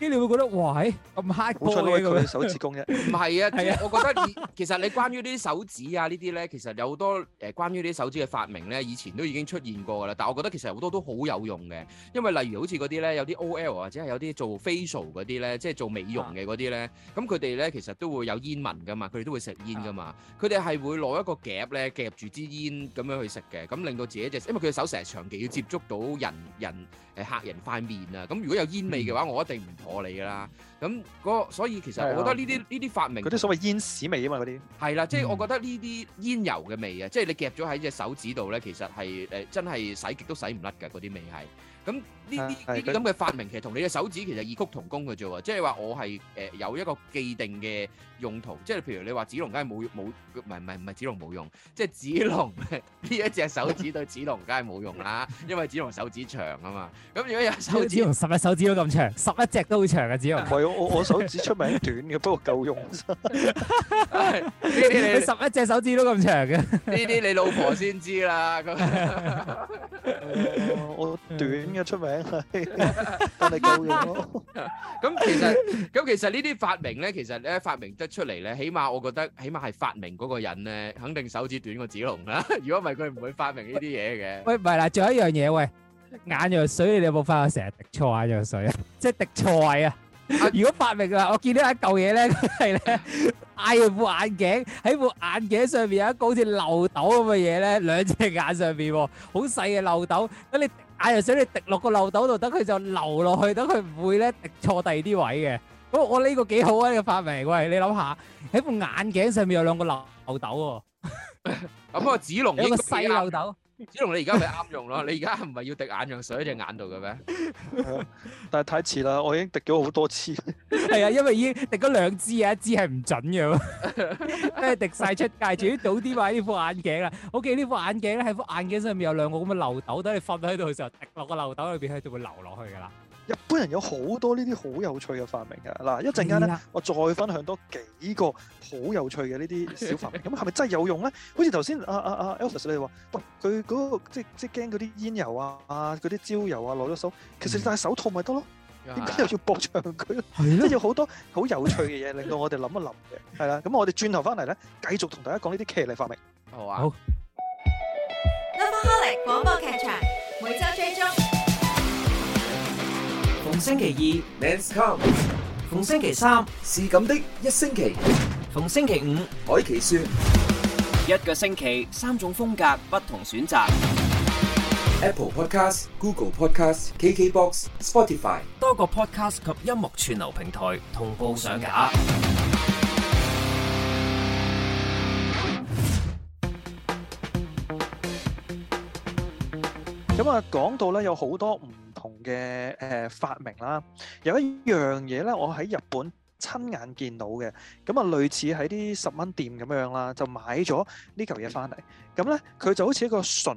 啲你會覺得哇，咁 high，好想拉佢手指公啫！唔係啊，係啊，我覺得其實你關於呢啲手指啊呢啲咧，其實有好多誒關於呢啲手指嘅發明咧，以前都已經出現過㗎啦。但係我覺得其實好多都好有用嘅，因為例如好似嗰啲咧，有啲 OL 或者係有啲做 facial 嗰啲咧，即係做美容嘅嗰啲咧，咁佢哋咧其實都會有煙癮㗎嘛，佢哋都會食煙㗎嘛，佢哋係會攞一個夾咧夾住支煙咁樣去食嘅，咁令到自己隻，因為佢隻手成日長期要接觸到人人誒客人塊面啊，咁如果有煙味嘅話，我一定唔。我你㗎啦，咁嗰、那個、所以其實我覺得呢啲呢啲發明，嗰啲所謂煙屎味啊嘛，嗰啲係啦，即係、啊就是、我覺得呢啲煙油嘅味啊，嗯、即係你夾咗喺隻手指度咧，其實係誒、呃、真係洗極都洗唔甩嘅嗰啲味係。咁呢啲呢啲咁嘅發明其實同你嘅手指其實異曲同工嘅啫喎，即係話我係誒有一個既定嘅用途，即係譬如你話紫龍梗係冇冇，唔係唔係唔係紫龍冇用，即係紫龍呢一隻手指對紫龍梗係冇用啦，因為紫龍手指長啊嘛。咁如果有手指紫龍十一手指都咁長，十一隻都好長嘅紫龍啊！唔係我我手指出名短嘅，不過夠用啫。呢啲你十一隻手指都咁長嘅？呢啲你老婆先知啦。我我短。出名係幫你做嘢咯。咁其實，咁其實呢啲發明咧，其實咧發明得出嚟咧，起碼我覺得，起碼係發明嗰個人咧，肯定手指短過紫龍啦。如果唔係，佢唔會發明呢啲嘢嘅。喂，唔係啦，仲有一樣嘢，喂，眼藥水你哋有冇發覺，我成日滴錯眼藥水啊，即係滴錯啊！如果發明嘅話，我見到一嚿嘢咧，係咧，戴副眼鏡喺副眼鏡上邊有一個好似漏斗咁嘅嘢咧，兩隻眼上邊喎，好細嘅漏斗，咁你。眼藥水你滴落個漏斗度，等佢就流落去，等佢唔會咧滴錯第二啲位嘅。咁、哦、我呢個幾好啊呢個發明，喂，你諗下喺副眼鏡上面有兩個漏斗啊、哦。咁 個紫龍有個細漏斗。紫龍 你而家咪啱用咯，你而家唔係要滴眼藥水喺隻眼度嘅咩？ 但係太遲啦，我已經滴咗好多次。係啊，因為已經滴咗兩支啊，一支係唔準嘅，都 係滴晒出界。注意倒啲買呢副眼鏡啦。我記，呢副眼鏡咧，喺副眼鏡上面有兩個咁嘅漏斗，等你瞓喺度嘅時候滴落個漏斗裏邊，係就會流落去噶啦。日本人有好多呢啲好有趣嘅發明嘅，嗱一陣間咧，啊、我再分享多幾個好有趣嘅呢啲小發明，咁係咪真係有用咧？好似頭先阿阿阿 Alvis 你話，喂，佢嗰個即即驚嗰啲煙油啊、嗰、啊、啲焦油啊攞咗手，其實你戴手套咪得咯？點解又要搏長佢？係咧、啊，即係好多好有趣嘅嘢 令到我哋諗一諗嘅，係啦、啊。咁我哋轉頭翻嚟咧，繼續同大家講呢啲騎呢發明，好啊吧。好。Lovaholic 廣播劇場每週追蹤。星期二，Men's Come，逢星期三，是咁的一星期；逢星期五，海奇說：一個星期三種風格，不同選擇。Apple Podcast、Google Podcast KKBox、Spotify 多個 Podcast 及音樂串流平台同步上架。咁啊、嗯，講、嗯、到咧有好多唔同嘅誒、呃、發明啦，有一樣嘢咧，我喺日本親眼見到嘅，咁啊，類似喺啲十蚊店咁樣啦，就買咗呢嚿嘢返嚟，咁咧佢就好似一個純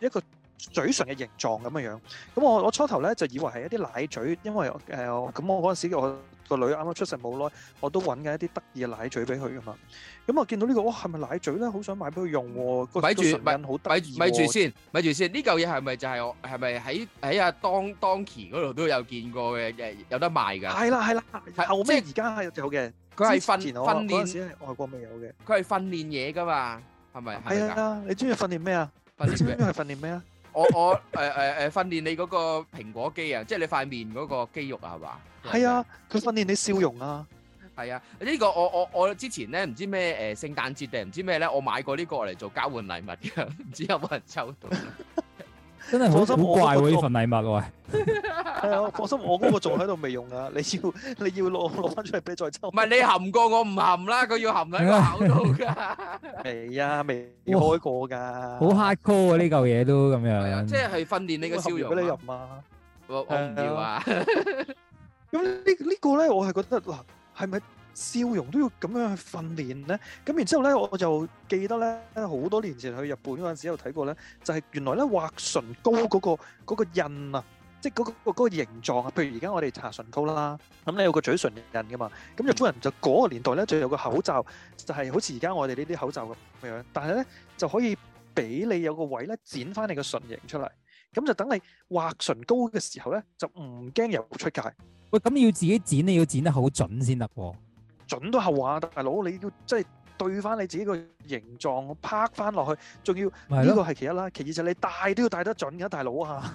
一個。嘴唇嘅形狀咁樣樣，咁我我初頭咧就以為係一啲奶嘴，因為誒咁我嗰陣時個個女啱啱出世冇耐，我都揾緊一啲得意嘅奶嘴俾佢噶嘛。咁我見到呢個，哇係咪奶嘴咧？好想買俾佢用。咪住咪好得意。咪住先，咪住先。呢嚿嘢係咪就係我係咪喺喺啊當當期嗰度都有見過嘅？誒有得賣㗎。係啦係啦。後尾而家有有嘅。佢係訓練訓練外國未有嘅。佢係訓練嘢㗎嘛？係咪係啊？你中意訓練咩啊？你中意係訓練咩啊？ 我我誒誒誒訓練你嗰個蘋果肌啊，即係你塊面嗰個肌肉啊，係嘛？係啊，佢訓練你笑容啊。係 啊，呢、呢個我我我之前咧唔知咩誒、呃、聖誕節定唔知咩咧，我買過呢個嚟做交換禮物嘅，唔知有冇人抽到。 真係好怪喎，呢份禮物喂。係啊，放心我嗰個仲喺度未用啊，你要你要攞攞翻出嚟俾你再抽，唔係你含過我唔含啦，佢要含喺我口度噶，未、嗯、啊未開過噶、啊，好 hard core 啊呢嚿嘢都咁樣，即係訓練你嘅笑容俾你含啊，我我唔要啊，咁、啊 這個、呢呢個咧我係覺得嗱係咪？笑容都要咁樣去訓練咧，咁然之後咧，我就記得咧，好多年前去日本嗰陣時有睇過咧，就係原來咧畫唇膏嗰個嗰個印啊，即係嗰個嗰個形狀啊，譬如而家我哋搽唇膏啦，咁你有個嘴唇印噶嘛，咁日本人就嗰個年代咧就有個口罩，就係好似而家我哋呢啲口罩咁樣，但係咧就可以俾你有個位咧剪翻你個唇形出嚟，咁就等你畫唇膏嘅時候咧就唔驚有出界。喂，咁要自己剪，你要剪得好準先得喎。準都係話，大佬你要即係對翻你自己個形狀，拍翻落去，仲要呢個係其一啦。其二就你戴都要戴得準嘅，大佬嚇。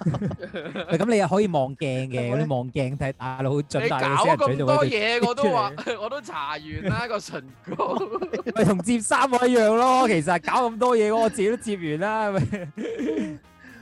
咁你又可以望鏡嘅，你望鏡睇大佬準。你搞咁多嘢，我都話，我都查完啦個唇膏。咪同接衫我一樣咯，其實搞咁多嘢，我自己都接完啦，係咪？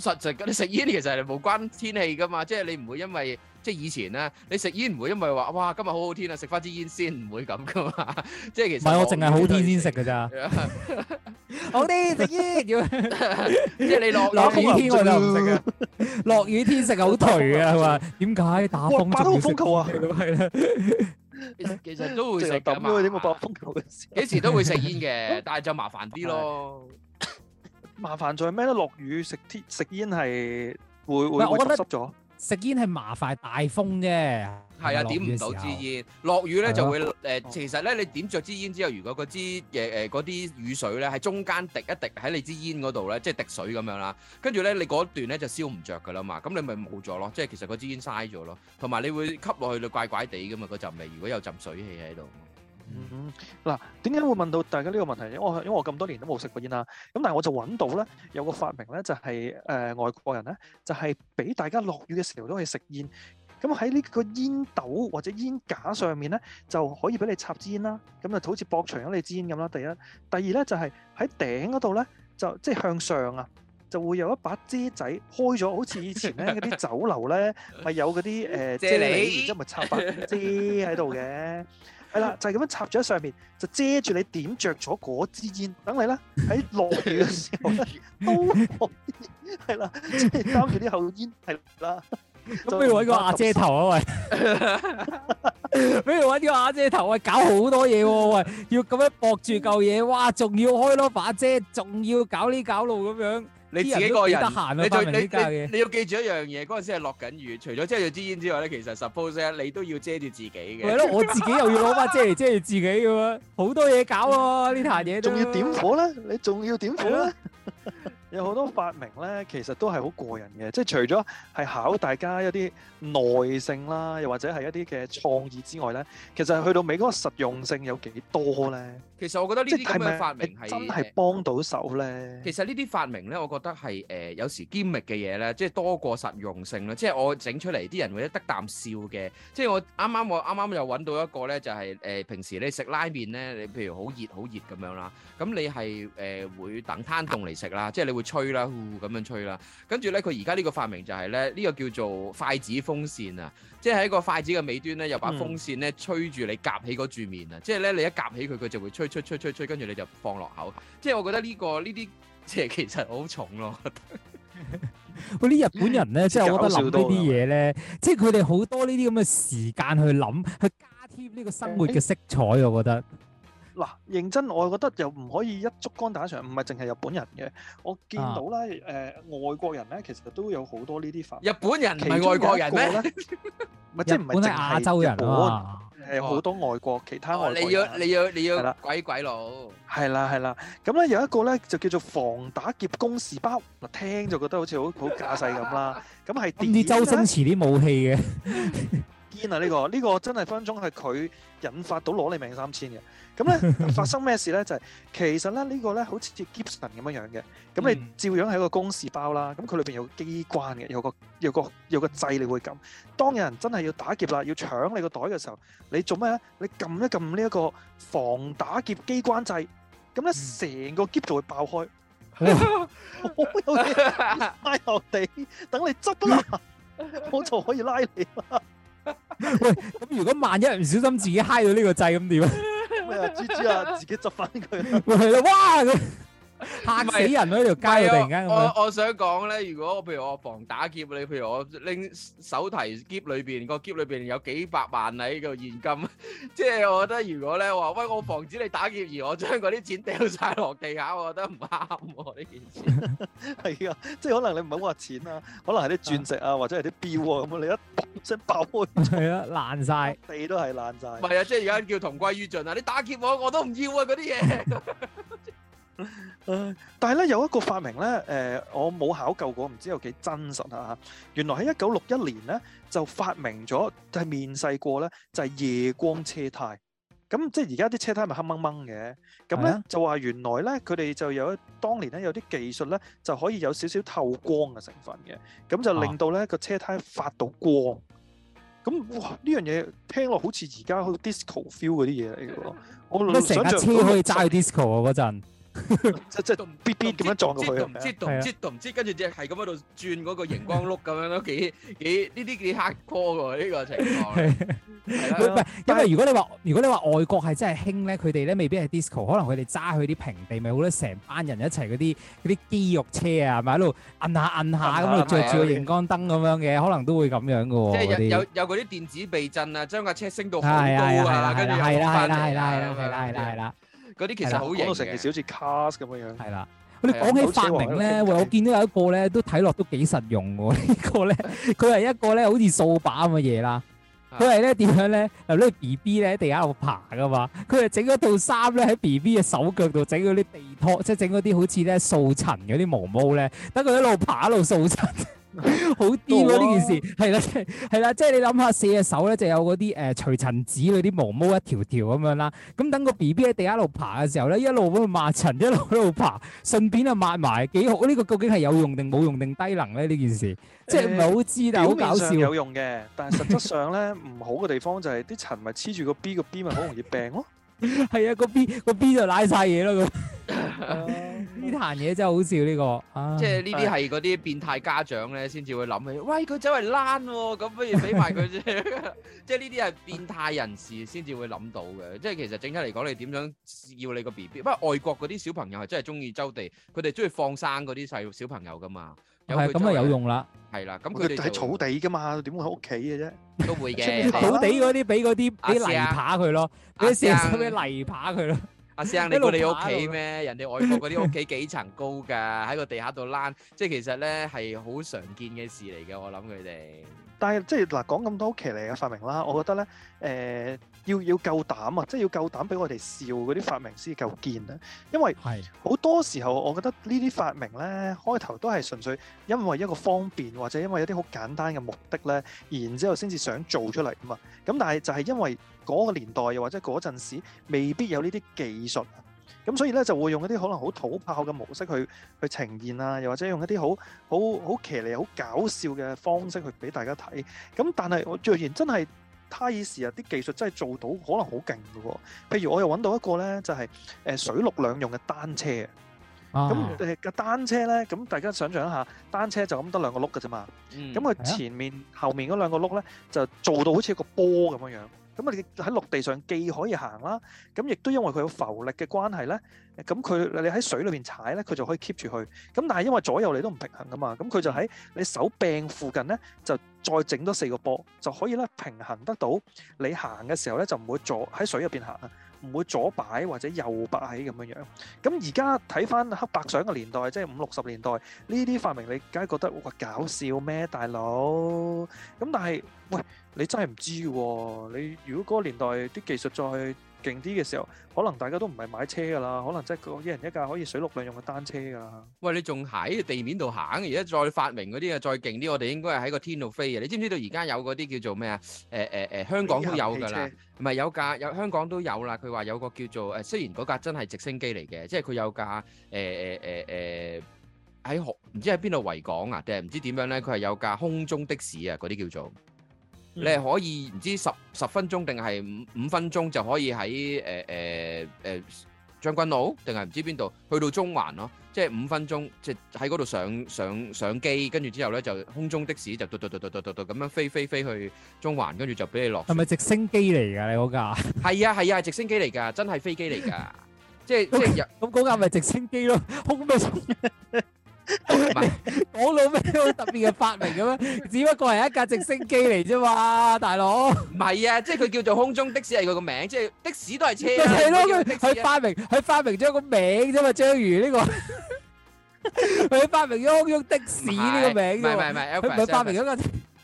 實在嘅，你食煙其實係無關天氣噶嘛，即係你唔會因為即係以前咧，你食煙唔會因為話哇，今日好好天啊，食翻支煙先，唔會咁噶嘛。即係其實唔係我淨係好天先食嘅咋。好啲食煙即係你落落雨天食嘅。落雨天食好頹啊，係嘛？點解打風球唔食？其實都會食咁，因為點啊？打風球幾時都會食煙嘅，但係就麻煩啲咯。麻煩在咩咧？落雨食煙食煙係會覺得濕咗。食煙係麻煩大風啫，係啊，點唔到支煙。落雨咧就會誒，啊呃、其實咧你點着支煙之後，如果嗰支嘢誒嗰啲雨水咧喺中間滴一滴喺你支煙嗰度咧，即係滴水咁樣啦。跟住咧你嗰段咧就燒唔着噶啦嘛，咁你咪冇咗咯。即係其實嗰支煙嘥咗咯，同埋你會吸落去就怪怪地噶嘛，嗰陣味如果有浸水氣喺度。嗯，嗱，點解會問到大家呢個問題咧？我因為我咁多年都冇食過煙啦，咁但係我就揾到咧，有個發明咧，就係、是、誒、呃、外國人咧，就係、是、俾大家落雨嘅時候都可以食煙。咁喺呢個煙斗或者煙架上面咧，就可以俾你插支煙啦。咁、嗯、啊，就好似駁長咗你支煙咁啦。第一，第二咧就係喺頂嗰度咧，就，是、呢就即係向上啊，就會有一把遮仔開咗，好似以前咧嗰啲酒樓咧，咪 有嗰啲誒遮你，然之後咪插把遮喺度嘅。係啦，就係、是、咁樣插咗喺上面，就遮住你點着咗嗰支煙。等你啦，喺落雨嘅時候都可以。係啦，擋住啲後煙係啦。咁不，不如揾個阿姐頭啊，喂！ 不如揾啲阿姐頭，喂，搞好多嘢喎，啊，喂，要咁樣搏住嚿嘢，哇，仲要開咯把遮，仲要搞呢搞路咁樣。你自己個人，你還人你你你，你要記住一樣嘢，嗰陣時係落緊雨，除咗遮住支煙之外咧，其實 suppose 你都要遮住自己嘅。係咯，我自己又要攞把遮嚟遮住自己嘅喎，好多嘢搞，喎呢壇嘢。仲 要點火咧？ 你仲要點火咧？ 有好多發明咧，其實都係好過癮嘅，即係除咗係考大家一啲耐性啦，又或者係一啲嘅創意之外咧，其實去到尾嗰個實用性有幾多咧？其實我覺得呢啲咁嘅發明係真係幫到手咧。其實呢啲發明咧，我覺得係誒、呃、有時堅密嘅嘢咧，即係多過實用性咯。即係我整出嚟啲人會得啖笑嘅。即係我啱啱我啱啱又揾到一個咧，就係、是、誒、呃、平時你食拉麵咧，你譬如好熱好熱咁樣啦，咁你係誒、呃、會等攤凍嚟食啦，即係你。會吹啦，咁樣吹啦，跟住咧，佢而家呢個發明就係、是、咧，呢、這個叫做筷子風扇啊，即係喺個筷子嘅尾端咧，又把風扇咧吹住你夾起嗰住面啊，嗯、即係咧你一夾起佢，佢就會吹吹吹吹吹，跟住你就放落口。即係我覺得呢、這個呢啲，即係其實好重咯。喂，啲日本人咧，即係我覺得諗呢啲嘢咧，即係佢哋好多呢啲咁嘅時間去諗，去加添呢個生活嘅色彩，嗯、我覺得。嗱，認真我覺得又唔可以一竹竿打船，唔係淨係日本人嘅，我見到啦，誒外國人咧其實都有好多呢啲法。日本人唔係外國人咩？唔係即係唔係淨係亞洲人啊？係好多外國其他外國人。你要你要你要鬼鬼佬。係啦係啦，咁咧有一個咧就叫做防打劫公事包，嗱，聽就覺得好似好好架勢咁啦。咁係點？唔知周星馳啲武器嘅。啊！呢、這個呢、這個真係分分鐘係佢引發到攞你命三千嘅。咁咧發生咩事咧？就係、是、其實咧呢、這個咧好似 Gibson 咁樣樣嘅。咁你照樣係一個公事包啦。咁佢裏邊有機關嘅，有個有個有個掣，你會撳。當有人真係要打劫啦，要搶你個袋嘅時候，你做咩咧？你撳一撳呢一個防打劫機關掣。咁咧成個 Gibson 就會爆開。好、嗯、 有地，等你執啦， 我就可以拉你啦。 喂，咁如果萬一唔小心自己嗨到呢個掣咁點啊？咩啊，豬豬啊， 自己執翻佢，哇！嚇死人咯！喺條街突然間，我我，我想講咧，如果譬如我防打劫你，譬如我拎手提篋裏邊，那個篋裏邊有幾百萬喺度現金， 即係我覺得如果咧話，喂我防止你打劫，而我將嗰啲錢掉晒落地下，我覺得唔啱喎呢件事。係啊，即係可能你唔好話錢啊，可能係啲鑽石啊，或者係啲表啊咁，啊、你一即係爆開，係啊爛晒，爛地都係爛晒。唔係啊，即係而家叫同歸於盡啊！你打劫我，我都唔要啊！嗰啲嘢。 但係咧有一個發明咧，誒、呃，我冇考究過，唔知有幾真實啊！原來喺一九六一年咧就發明咗，就係、是、面世過咧就係、是、夜光車胎。咁、嗯、即係而家啲車胎咪黑掹掹嘅，咁、嗯、咧、啊、就話原來咧佢哋就有當年咧有啲技術咧就可以有少少透光嘅成分嘅，咁、嗯、就令到咧個車胎發到光。咁、啊嗯、哇呢樣嘢聽落好似而家去 disco feel 嗰啲嘢，嚟、嗯、我成架車可以揸去 disco 啊嗰陣。嗯嗯嗯嗯嗯嗯。即即都 B B 咁樣撞過佢唔知，啊，係啊，跟住只係咁喺度轉嗰個熒光碌咁樣都幾幾呢啲幾黑科喎呢個情況。唔係，因為如果你話如果你話外國係真係興咧，佢哋咧未必係 disco，可能佢哋揸去啲平地，咪好多成班人一齊嗰啲啲肌肉車啊，係咪喺度摁下摁下咁，就着住個熒光燈咁樣嘅，可能都會咁樣噶。即係有有嗰啲電子避震啊，將架車升到好高啊，跟住好快嚟。係啦係啦係啦係啦係啦。嗰啲其實好型嘅，成件好似 cast 咁嘅樣。係啦了，了我哋講起發明咧，我見到有一個咧 都睇落都幾實用喎。這個、呢個咧，佢係一個咧好似掃把咁嘅嘢啦。佢係咧點樣咧？有啲 BB 咧喺地下度爬噶嘛。佢係整一套衫咧喺 BB 嘅手腳度整嗰啲地拖，即係整嗰啲好似咧掃塵嗰啲毛毛咧，等佢一路爬一路掃塵。好癲咯呢件事，係啦，係啦，即係你諗下，四隻手咧就有嗰啲誒除塵子嗰啲毛毛一條條咁樣啦，咁等個 B B 喺地下度爬嘅時候咧，一路喺度抹塵，一路喺度爬，順便啊抹埋，幾好。呢個究竟係有用定冇用定低能咧呢件事，即係唔係好知，但好搞笑，有用嘅，但係實質上咧唔好嘅地方就係啲塵咪黐住個 B 個 B 咪好容易病咯，係啊個 B 個 B 就拉晒嘢咯。呢壇嘢真係好笑呢、這個，啊、即係呢啲係嗰啲變態家長咧先至會諗起，喂佢走係躝喎，咁、啊、不如俾埋佢啫。 即係呢啲係變態人士先至會諗到嘅。即係其實正出嚟講，你點想要你個 B B？不過外國嗰啲小朋友係真係中意周地，佢哋中意放生嗰啲細小朋友噶嘛。咁啊，有用啦，係啦。咁佢哋喺草地㗎嘛，點會喺屋企嘅啫？都會嘅。草地嗰啲俾嗰啲啲泥扒佢咯，俾啲石頭俾泥扒佢咯。阿師你估你屋企咩？人哋外國嗰啲屋企幾層高㗎？喺個 地下度躝，即係其實咧係好常見嘅事嚟嘅。我諗佢哋，但係即係嗱講咁多騎呢嘅發明啦，我覺得咧誒。呃要要夠膽啊！即係要夠膽俾我哋笑嗰啲發明先至夠堅啊！因為好多時候，我覺得呢啲發明呢，開頭都係純粹因為一個方便，或者因為一啲好簡單嘅目的呢，然之後先至想做出嚟嘛。咁但係就係因為嗰個年代又或者嗰陣時，未必有呢啲技術，咁所以呢，就會用一啲可能好土炮嘅模式去去呈現啊，又或者用一啲好好好騎呢好搞笑嘅方式去俾大家睇。咁但係我若然真係。哈睇士啊啲技術真係做到可能好勁㗎喎，譬如我又揾到一個咧，就係、是、誒、呃、水陸兩用嘅單車啊。咁誒個單車咧，咁大家想象一下，單車就咁得兩個轆㗎啫嘛。咁佢、嗯、前面、啊、後面嗰兩個轆咧，就做到好似一個波咁樣樣。咁啊，你喺陸地上既可以行啦，咁亦都因為佢有浮力嘅關係咧，咁佢你喺水裏面踩咧，佢就可以 keep 住去。咁但係因為左右你都唔平衡噶嘛，咁佢就喺你手柄附近咧，就再整多四個波，就可以咧平衡得到你行嘅時候咧，就唔會左喺水入邊行。唔會左擺或者右擺起咁樣樣，咁而家睇返黑白相嘅年代，即係五六十年代呢啲發明，你梗係覺得哇搞笑咩大佬？咁但係喂，你真係唔知喎、啊，你如果嗰個年代啲技術再勁啲嘅時候，可能大家都唔係買車噶啦，可能即係個一人一架可以水陸兩用嘅單車噶啦。喂，你仲喺地面度行，而家再發明嗰啲啊，再勁啲，我哋應該係喺個天度飛嘅啊。你知唔知道而家有嗰啲叫做咩啊？誒誒誒，香港都有噶啦，唔係有架有香港都有啦。佢話有個叫做誒，雖然嗰架真係直升機嚟嘅，即係佢有架誒誒誒誒喺唔知喺邊度維港啊定係唔知點樣咧？佢係有架空中的士啊，嗰啲叫做。你係可以唔知十十分鐘定係五五分鐘就可以喺誒誒誒將軍澳，定係唔知邊度去到中環咯，即係五分鐘，即係喺嗰度上上上機，跟住之後咧就空中的士就嘟嘟嘟嘟嘟嘟咁樣飛飛飛，飛去中環，跟住就俾你落。係咪直升機嚟㗎？你嗰架？係啊係啊，係直升機嚟㗎，真係飛機嚟㗎， 即係 Okay, 即係咁嗰架咪直升機咯？空咩？ 講老咩都好特別嘅發明咁樣？只不過係一架直升機嚟啫嘛，大佬。唔係啊，即係佢叫做空中的士係佢個名，即係的士都係車係、啊、咯，佢、 啊、發明佢發明咗一個名啫嘛，章魚呢個。佢 發明咗空中的士呢個名嘅喎，佢唔係發明咗個。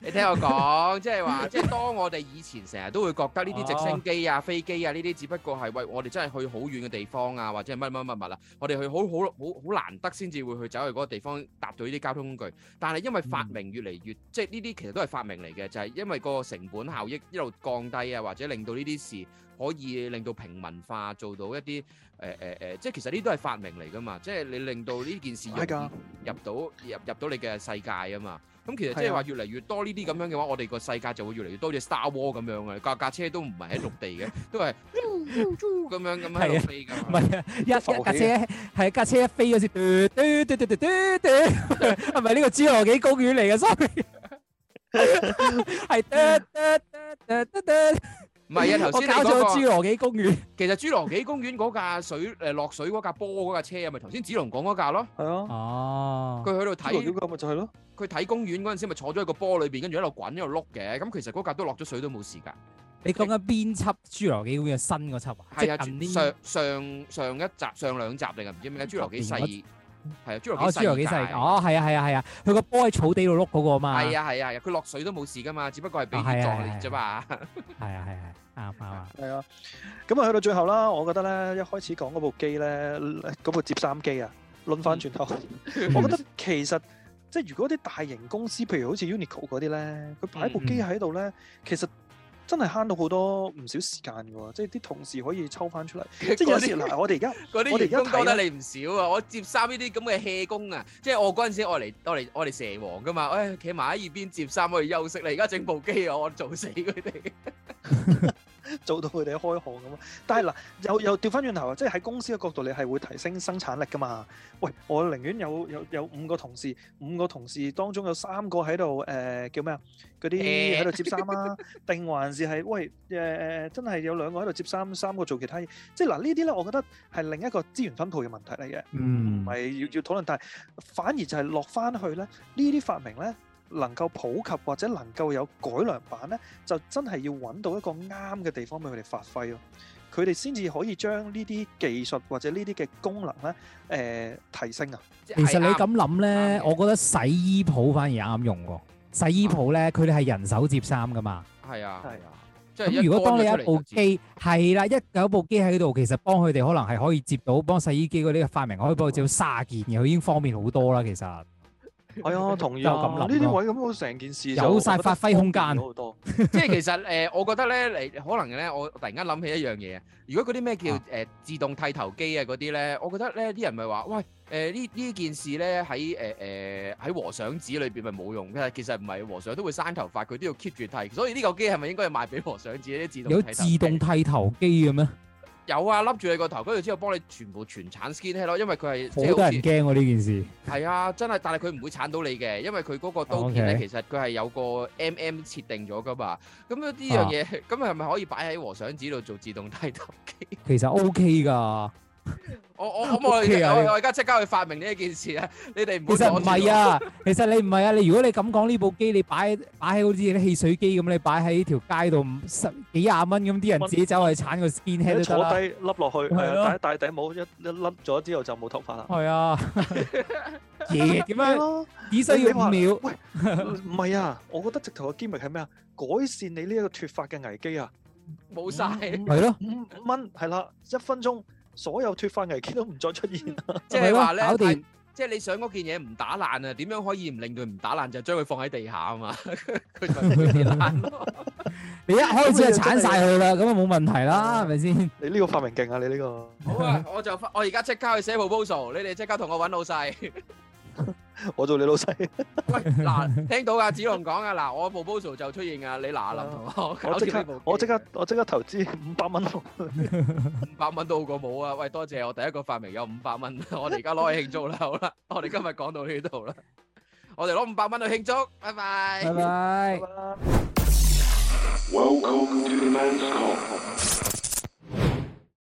你聽我講，即係話，即、即係、當我哋以前成日都會覺得呢啲直升機啊、飛機啊呢啲，呢啲只不過係為我哋真係去好遠嘅地方啊，或者係乜乜乜物啊，我哋去好好好好難得先至會去走去嗰個地方搭到呢啲交通工具。但係因為發明越嚟越，嗯、即係呢啲其實都係發明嚟嘅，就係、係、因為個成本效益一路降低啊，或者令到呢啲事可以令到平民化，做到一啲誒誒誒，即係其實呢都係發明嚟㗎嘛，即係你令到呢件事入到，的、啊、入，到入，入到你嘅世界啊嘛。咁其實即係話越嚟越多呢啲咁樣嘅話，我哋個世界就會越嚟越多隻 Star Wars 咁樣嘅架架車都唔係喺陸地嘅，都係咁樣咁樣飛嘅。唔係啊，一一架車係一架車一飛嗰時嘟嘟嘟嘟嘟，係咪呢個侏羅紀公園嚟嘅？sorry，係嘟嘟嘟嘟嘟。唔係啊！頭先搞咗《侏才、嗯、羅紀公園》，其實《侏羅紀公園》嗰架水誒、呃、落水嗰架波嗰架車，係咪頭先紫龍講嗰架咯？係咯、啊。哦。佢喺度睇。咁咪就係咯。佢睇公園嗰陣時，咪坐咗喺個波裏邊，一邊，跟住喺度滾喺度碌嘅。咁其實嗰架都落咗水都，都冇事㗎。你講緊邊輯《侏羅紀公園》新嗰輯話？係啊，啊近上上上一集、上兩集定係唔知咩《侏羅紀細係啊，侏羅幾細？哦，係啊，係啊，係啊，佢個波喺草地度碌嗰個嘛。係啊，係啊，佢落水都冇事噶嘛，只不過係俾啲阻力啫嘛。係啊，係啊，啱啱啊。係啊，咁啊，去到最後啦，我覺得咧，一開始講嗰部機咧，嗰部摺衫機啊，攆翻轉頭，我覺得其實即係如果啲大型公司，譬如好似 Uniqlo 嗰啲咧，佢擺部機喺度咧，其實。真係慳到好多唔少時間喎！即係啲同事可以抽翻出嚟，些即係有時嗱， 我哋而家嗰啲，我哋而家多得你唔少啊！我接生呢啲咁嘅 hea 工啊，即係我嗰陣時我嚟我嚟我嚟蛇王噶嘛，唉，企埋喺一邊接生可以休息啦。而家整部機啊，我做死佢哋。做到佢哋開行咁樣，但係嗱又又調翻轉頭，即係喺公司嘅角度，你係會提升生產力噶嘛？喂，我寧願有有有五個同事，五個同事當中有三個喺度誒叫咩啊？嗰啲喺度接衫啊，定還是係喂誒誒真係有兩個喺度接衫，三個做其他嘢？即係嗱呢啲咧，我覺得係另一個資源分配嘅問題嚟嘅，唔係要要討論，但係反而就係落翻去咧呢啲發明咧。能夠普及或者能夠有改良版咧，就真係要揾到一個啱嘅地方俾佢哋發揮咯。佢哋先至可以將呢啲技術或者呢啲嘅功能咧，誒提升啊。其實你咁諗咧，我覺得洗衣鋪反而啱用喎。洗衣鋪咧，佢哋係人手摺衫噶嘛。係啊，係啊。咁如果當你一部機係啦，一有部機喺度，其實幫佢哋可能係可以摺到幫洗衣機嗰啲嘅發明可以幫佢摺到卅件，然後已經方便好多啦。其實。係啊、哎，同意咁諗呢啲位咁，成件事有晒發揮空間好多。即 係其實誒、呃，我覺得咧，你可能咧，我突然間諗起一樣嘢，如果嗰啲咩叫誒、呃、自動剃頭機啊嗰啲咧，我覺得咧啲人咪話，喂誒呢呢件事咧喺誒誒喺和尚寺裏邊咪冇用嘅。其實唔係，和尚都會生頭髮，佢都要 keep 住剃。所以呢個機係咪應該係賣俾和尚寺啲自動有自動剃頭機咁咩？有啊，笠住你個頭，跟住之後幫你全部全剷 skinhead 咯，因為佢係好多人驚喎呢件事。係 啊，真係，但係佢唔會剷到你嘅，因為佢嗰個刀片咧 Okay. 其實佢係有個 M M 設定咗噶嘛。咁樣呢樣嘢，咁係咪可以擺喺和尚寺度做自動剃頭機？其實 OK 㗎。 我我咁我我我而家即刻去發明呢一件事啊！你哋唔其實唔係啊，其實你唔係啊。你如果你咁講呢部機，你擺擺喺好似啲汽水機咁，你擺喺條街度十幾廿蚊，咁啲人自己走去剷個 skinhead 都得啦。坐低笠落去係咯，戴戴頂帽一一笠咗之後就冇頭髮啦。係啊，爺爺點樣只需要一秒？喂，唔係啊，我覺得直頭嘅機密係咩啊？改善你呢一個脫髮嘅危機啊！冇晒係咯，五蚊係啦，一分鐘。所有脱發危機都唔再出現啦搞定，即係話咧，即係你想嗰件嘢唔打爛啊？點樣可以唔令佢唔打爛？就將、是、佢放喺地下啊嘛，佢唔會跌爛。你一開始就鏟晒佢啦，咁啊冇問題啦，係咪先？你呢個發明勁啊！你呢個 好啊！我就我而家即刻去寫 proposal，你哋即刻同我揾老細。 我做你老細。喂，嗱，聽到阿子龍講噶，嗱，我 proposal 就出現啊，你嗱臨，我即刻，我即刻，我即刻投資五百蚊，五百蚊都好過冇啊！喂，多謝我第一個發明有五百蚊，我哋而家攞去慶祝啦，好啦，我哋今日講到呢度啦，我哋攞五百蚊去慶祝，拜拜，拜拜。